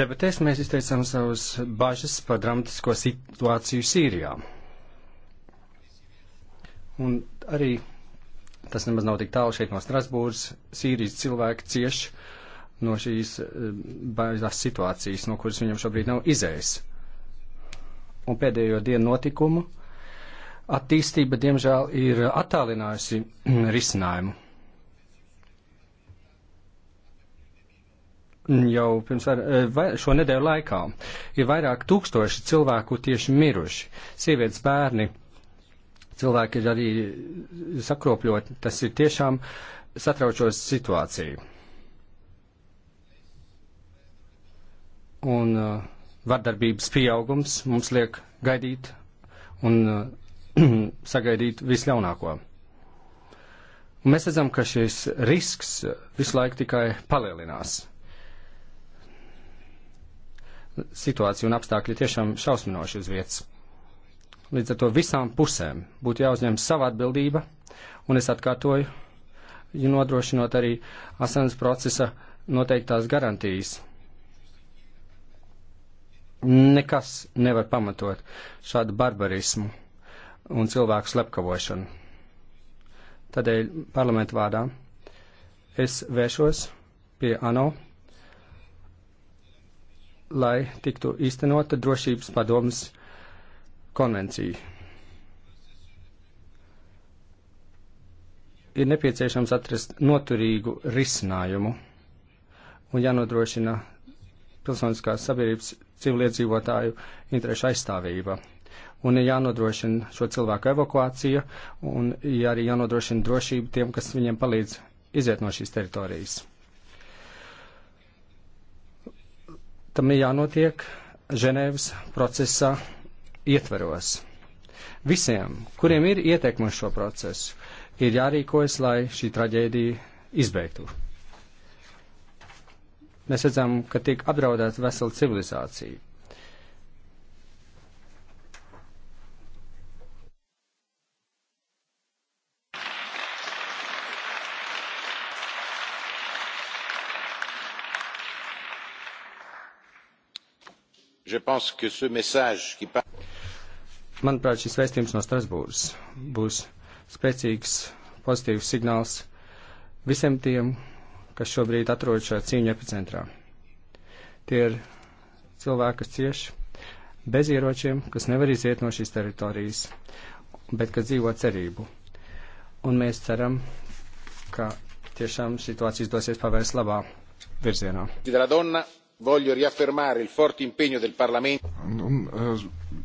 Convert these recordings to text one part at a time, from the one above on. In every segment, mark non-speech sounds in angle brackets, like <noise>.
Debatēs mēs izteicām savas bažas par dramatisko situāciju Sīrijā. Un arī tas nemaz nav tik tālu šeit no Strasbūras. Sīrijas cilvēki cieš no šīs eh, bažas situācijas, no kuras viņam šobrīd nav izējis. Un pēdējo dienu notikumu attīstība, diemžēl, ir attālinājusi <clears throat> risinājumu. jau pirms eh, vai, šo nedēļu laikā ir vairāk tūkstoši cilvēku tieši miruši. Sievietes, bērni, cilvēki ir arī sakropļoti. Tas ir tiešām satraucoša situācija. Un uh, vardarbības pieaugums mums liek gaidīt un uh, <clears throat> sagaidīt visļaunāko. Un mēs redzam, ka šis risks visu laiku tikai palielinās situācija un apstākļi tiešām šausminoši uz vietas. Līdz ar to visām pusēm būtu jāuzņem sava atbildība, un es atkārtoju, ja nodrošinot arī asanas procesa noteiktās garantijas. Nekas nevar pamatot šādu barbarismu un cilvēku slepkavošanu. Tādēļ parlamentu vārdā es vēršos pie ANO lai tiktu īstenota drošības padomas konvencija. Ir nepieciešams atrast noturīgu risinājumu un jānodrošina pilsoniskās sabiedrības civiliedzīvotāju interešu aizstāvība. Un ir jānodrošina šo cilvēku evakuācija un arī jānodrošina drošība tiem, kas viņiem palīdz iziet no šīs teritorijas. Tam ir jānotiek Ženēvas procesa ietveros. Visiem, kuriem ir ietekme uz šo procesu, ir jārīkojas, lai šī traģēdija izbeigtu. Mēs redzam, ka tiek apdraudēta vesela civilizācija. Manuprāt, šis vēstījums no Strasbūras būs spēcīgs, pozitīvs signāls visiem tiem, kas šobrīd atrodas šajā cīņu epicentrā. Tie ir cilvēki, kas cieši bez ieročiem, kas nevar iziet no šīs teritorijas, bet kas dzīvo cerību. Un mēs ceram, ka tiešām situācija izdosies pavērst labā virzienā. Donna, voglio riaffermare il forte impegno del Parlamento. Eh,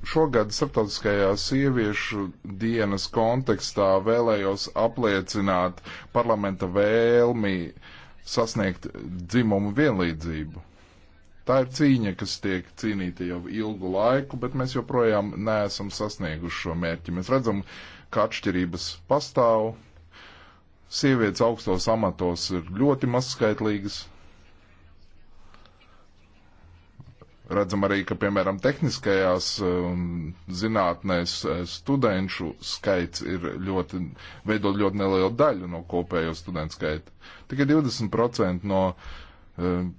šogad starptautiskajā sieviešu dienas kontekstā vēlējos apliecināt parlamenta vēlmi sasniegt dzimumu vienlīdzību. Tā ir cīņa, kas tiek cīnīta jau ilgu laiku, bet mēs joprojām neesam sasnieguši šo mērķi. Mēs redzam, ka atšķirības pastāv. Sievietes augstos amatos ir ļoti mazskaitlīgas, Redzam arī, ka, piemēram, tehniskajās um, zinātnēs eh, studenšu skaits ir ļoti, veido ļoti nelielu daļu no kopējo studentu skaita. Tikai 20% no um,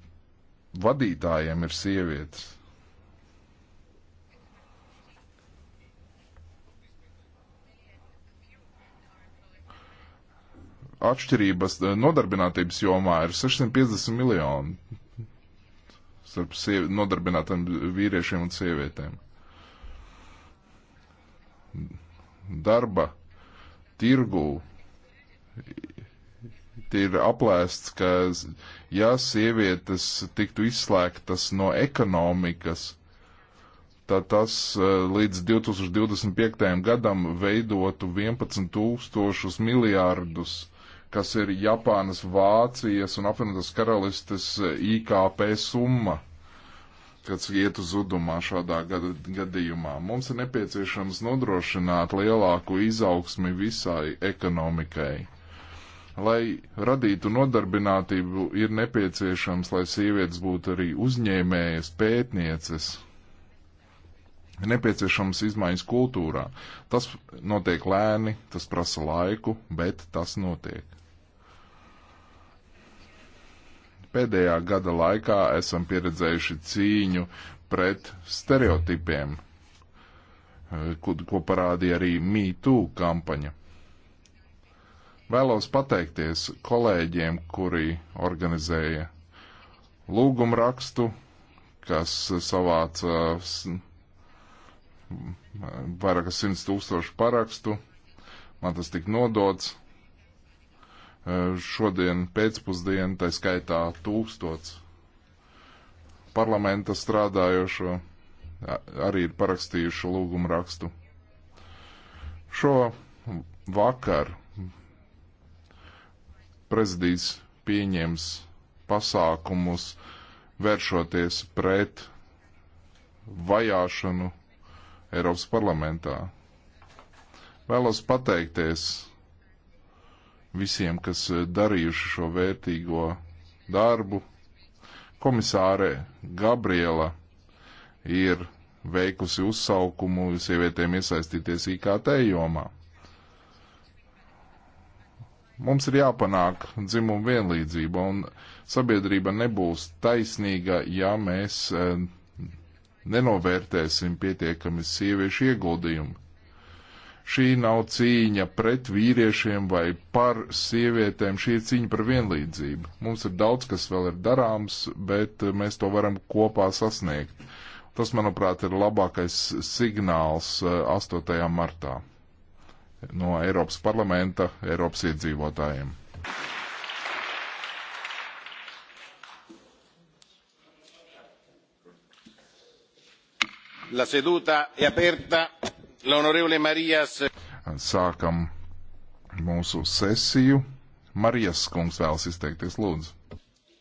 vadītājiem ir sievietes. Atšķirības eh, nodarbinātības jomā ir 650 miljoni starp sievi, nodarbinātiem vīriešiem un sievietēm. Darba tirgū ir aplēsts, ka ja sievietes tiktu izslēgtas no ekonomikas, tad tas e, līdz 2025. gadam veidotu 11 tūkstošus miljārdus, kas ir Japānas, Vācijas un apvienotās karalistes e, IKP summa kas iet uz zudumā šādā gadījumā. Mums ir nepieciešams nodrošināt lielāku izaugsmi visai ekonomikai. Lai radītu nodarbinātību, ir nepieciešams, lai sievietes būtu arī uzņēmējas, pētnieces. Ir nepieciešams izmaiņas kultūrā. Tas notiek lēni, tas prasa laiku, bet tas notiek. Pēdējā gada laikā esam pieredzējuši cīņu pret stereotipiem, eh, ko, ko parādīja arī MeToo kampaņa. Vēlos pateikties kolēģiem, kuri organizēja lūgumrakstu, kas savāca vairākas simts tūkstošu parakstu. Man tas tika nodots. Eh, šodien pēcpusdien, tā skaitā tūkstots parlamenta strādājošo arī ir parakstījuši lūgumu rakstu. Šo vakar prezidijs pieņems pasākumus vēršoties pret vajāšanu Eiropas parlamentā. Vēlos pateikties visiem, kas eh, darījuši šo vērtīgo darbu. Komisāre Gabriela ir veikusi uzsaukumu sievietēm iesaistīties IKT jomā. Mums ir jāpanāk dzimuma vienlīdzība, un sabiedrība nebūs taisnīga, ja mēs eh, nenovērtēsim pietiekami sieviešu ieguldījumu Šī nav cīņa pret vīriešiem vai par sievietēm, šī ir cīņa par vienlīdzību. Mums ir daudz, kas vēl ir darāms, bet mēs to varam kopā sasniegt. Tas, manuprāt, ir labākais signāls 8. Eh, martā no Eiropas parlamenta Eiropas iedzīvotājiem. La seduta è aperta. L'onorevole Marijas. Sākam mūsu sesiju. Marijas kungs vēlas izteikties, lūdzu.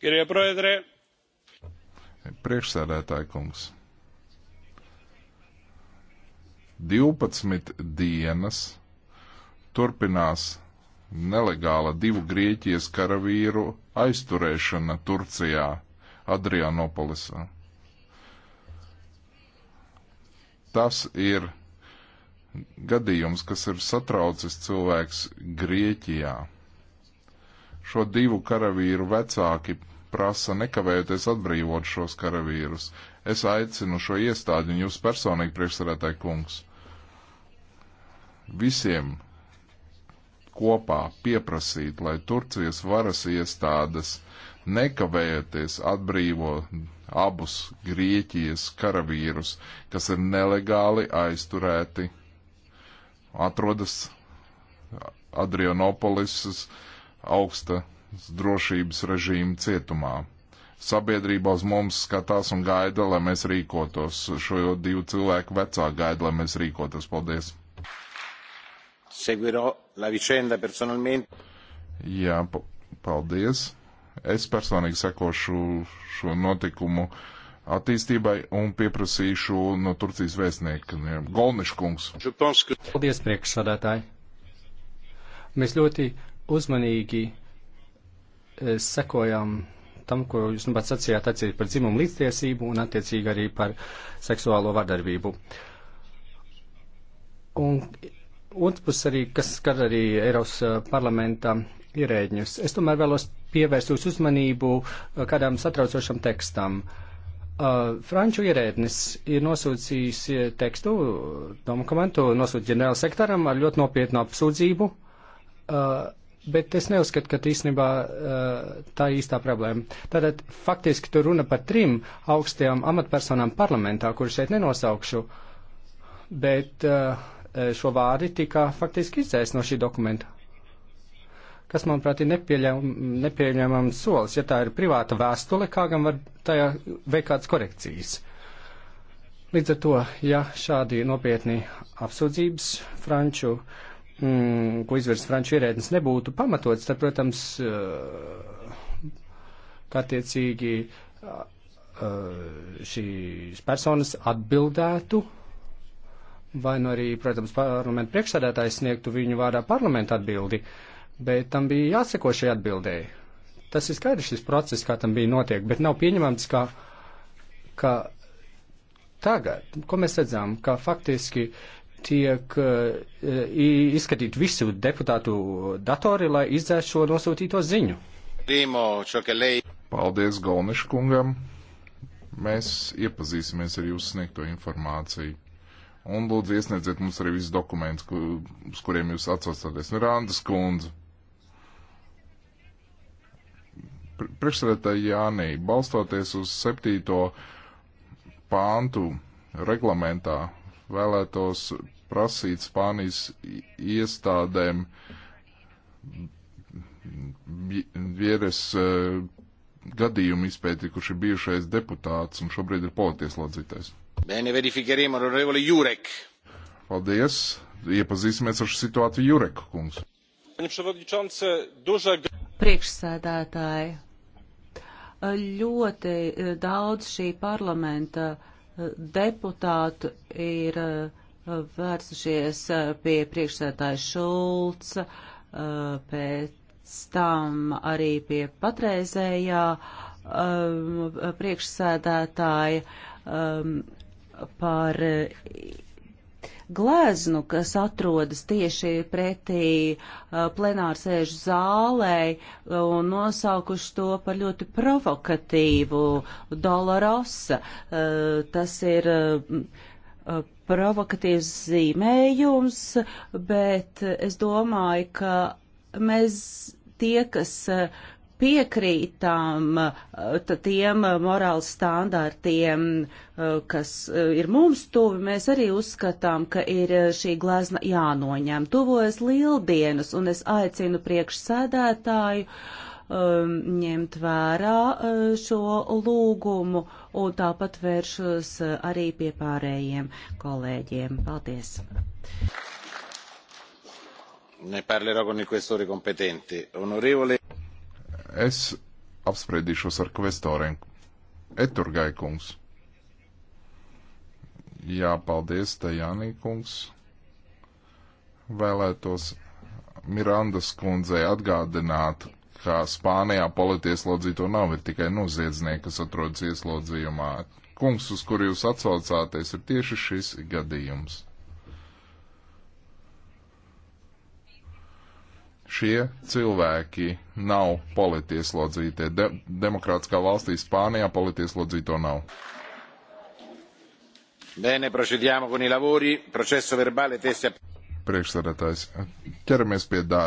Kirie proedre. Priekšsēdētāji kungs. 12 dienas turpinās nelegāla divu Grieķijas karavīru aizturēšana Turcijā, Adrianopolisā. Tas ir gadījums, kas ir satraucis cilvēks Grieķijā. Šo divu karavīru vecāki prasa nekavējoties atbrīvot šos karavīrus. Es aicinu šo iestādi un jūs personīgi priekšsarētāji kungs visiem kopā pieprasīt, lai Turcijas varas iestādes nekavējoties atbrīvo abus Grieķijas karavīrus, kas ir nelegāli aizturēti atrodas Adrianopolis augsta drošības režīma cietumā. Sabiedrība uz mums skatās un gaida, lai mēs rīkotos. Šo divu cilvēku vecā gaida, lai mēs rīkotos. Paldies! Seguirò la vicenda personalmente. Jā, paldies. Es personīgi sekošu šo notikumu uh, attīstībai un pieprasīšu no Turcijas vēstniekiem Golniškungs. Paldies, priekšsādātāji! Mēs ļoti uzmanīgi eh, sekojam tam, ko jūs nu pats sacījāt atcīt par dzimumu līdztiesību un attiecīgi arī par seksuālo vardarbību. Un otrs arī, kas skar arī Eiropas eh, parlamenta ierēģņus. Es tomēr vēlos pievērst jūsu uzmanību eh, kādām satraucošam tekstam. Uh, Uh, franču ierēdnis ir nosūcījis uh, tekstu, dokumentu, nosūtījis ģenerāla sektoram ar ļoti nopietnu apsūdzību, uh, bet es neuzskatu, ka īstenībā uh, tā ir īstā problēma. Tātad faktiski tur runa par trim augstajām amatpersonām parlamentā, kuru šeit nenosaukšu, bet uh, šo vārdi tika faktiski izdzēst no šī dokumenta kas, manuprāt, ir nepieļaujam, nepieļaujamams solis. Ja tā ir privāta vēstule, kā gan var tajā veikt kādas korekcijas? Līdz ar to, ja šādi nopietni apsūdzības franču, mm, ko izvirs franču ierēdnis, nebūtu pamatots, tad, protams, kā eh, tiecīgi eh, šīs personas atbildētu, vai nu arī, protams, parlamentu priekšsēdētājs sniegtu viņu vārdā parlamentu atbildi. Uh, bet tam bija jāseko šai atbildēji. Tas ir skaidrs šis process, kā tam bija notiek, bet nav pieņemams, ka, ka tagad, ko mēs redzam, ka faktiski tiek uh, izskatīt visu deputātu datori, lai izdzēst šo nosūtīto ziņu. Paldies Golniškungam. Mēs iepazīsimies ar jūsu sniegto informāciju. Un lūdzu iesniedziet mums arī visus dokumentus, uz kuriem jūs atsaucaties. Nu, Rāndas kundze. Priekšsēdētāji Jānī, balstoties uz septīto pāntu reglamentā, vēlētos prasīt Spānijas iestādēm vieres uh, gadījumu izpēti, kurš ir bijušais deputāts un šobrīd ir politieslodzītais. Bene, verifikeriem, onorevole Jurek. Paldies. Iepazīsimies ar šo situāciju Jurek, kungs. Priekšsēdētāji, ļoti eh, daudz šī parlamenta eh, deputātu ir eh, vērsušies pie priekšsētāja Šulca, pēc tam arī pie patreizējā priekšsēdētāja par gleznu, kas atrodas tieši pretī uh, plenārsēžu zālē uh, un nosaukuši to par ļoti provokatīvu Dolorosa. Uh, tas ir uh, uh, provokatīvs zīmējums, bet es domāju, ka mēs tie, kas uh, piekrītam eh, tiem eh, morāls standartiem, eh, kas ir mums tuvi, mēs arī uzskatām, ka ir šī glezna jānoņem. Tuvojas lieldienas, un es aicinu priekšsēdētāju um, ņemt vērā šo lūgumu, un tāpat vēršos arī pie pārējiem kolēģiem. Paldies! ne parlerò con il questore competente. onorevole Es apspriedīšos ar kvestoriem. Eturgai kungs. Jā, paldies, Tajānī kungs. Vēlētos Mirandas kundzei atgādināt, ka Spānijā politieslodzīto nav, ir tikai noziedznieki, kas atrodas ieslodzījumā. Kungs, uz kuru jūs atsaucāties, ir tieši šis gadījums. Šie cilvēki nav politieslodzītie. De demokrātiskā valstī Spānijā politieslodzīto nav. Bene, procediamo con i lavori. Processo verbale testi. Priekšsēdētājs, ķeramies pie darba.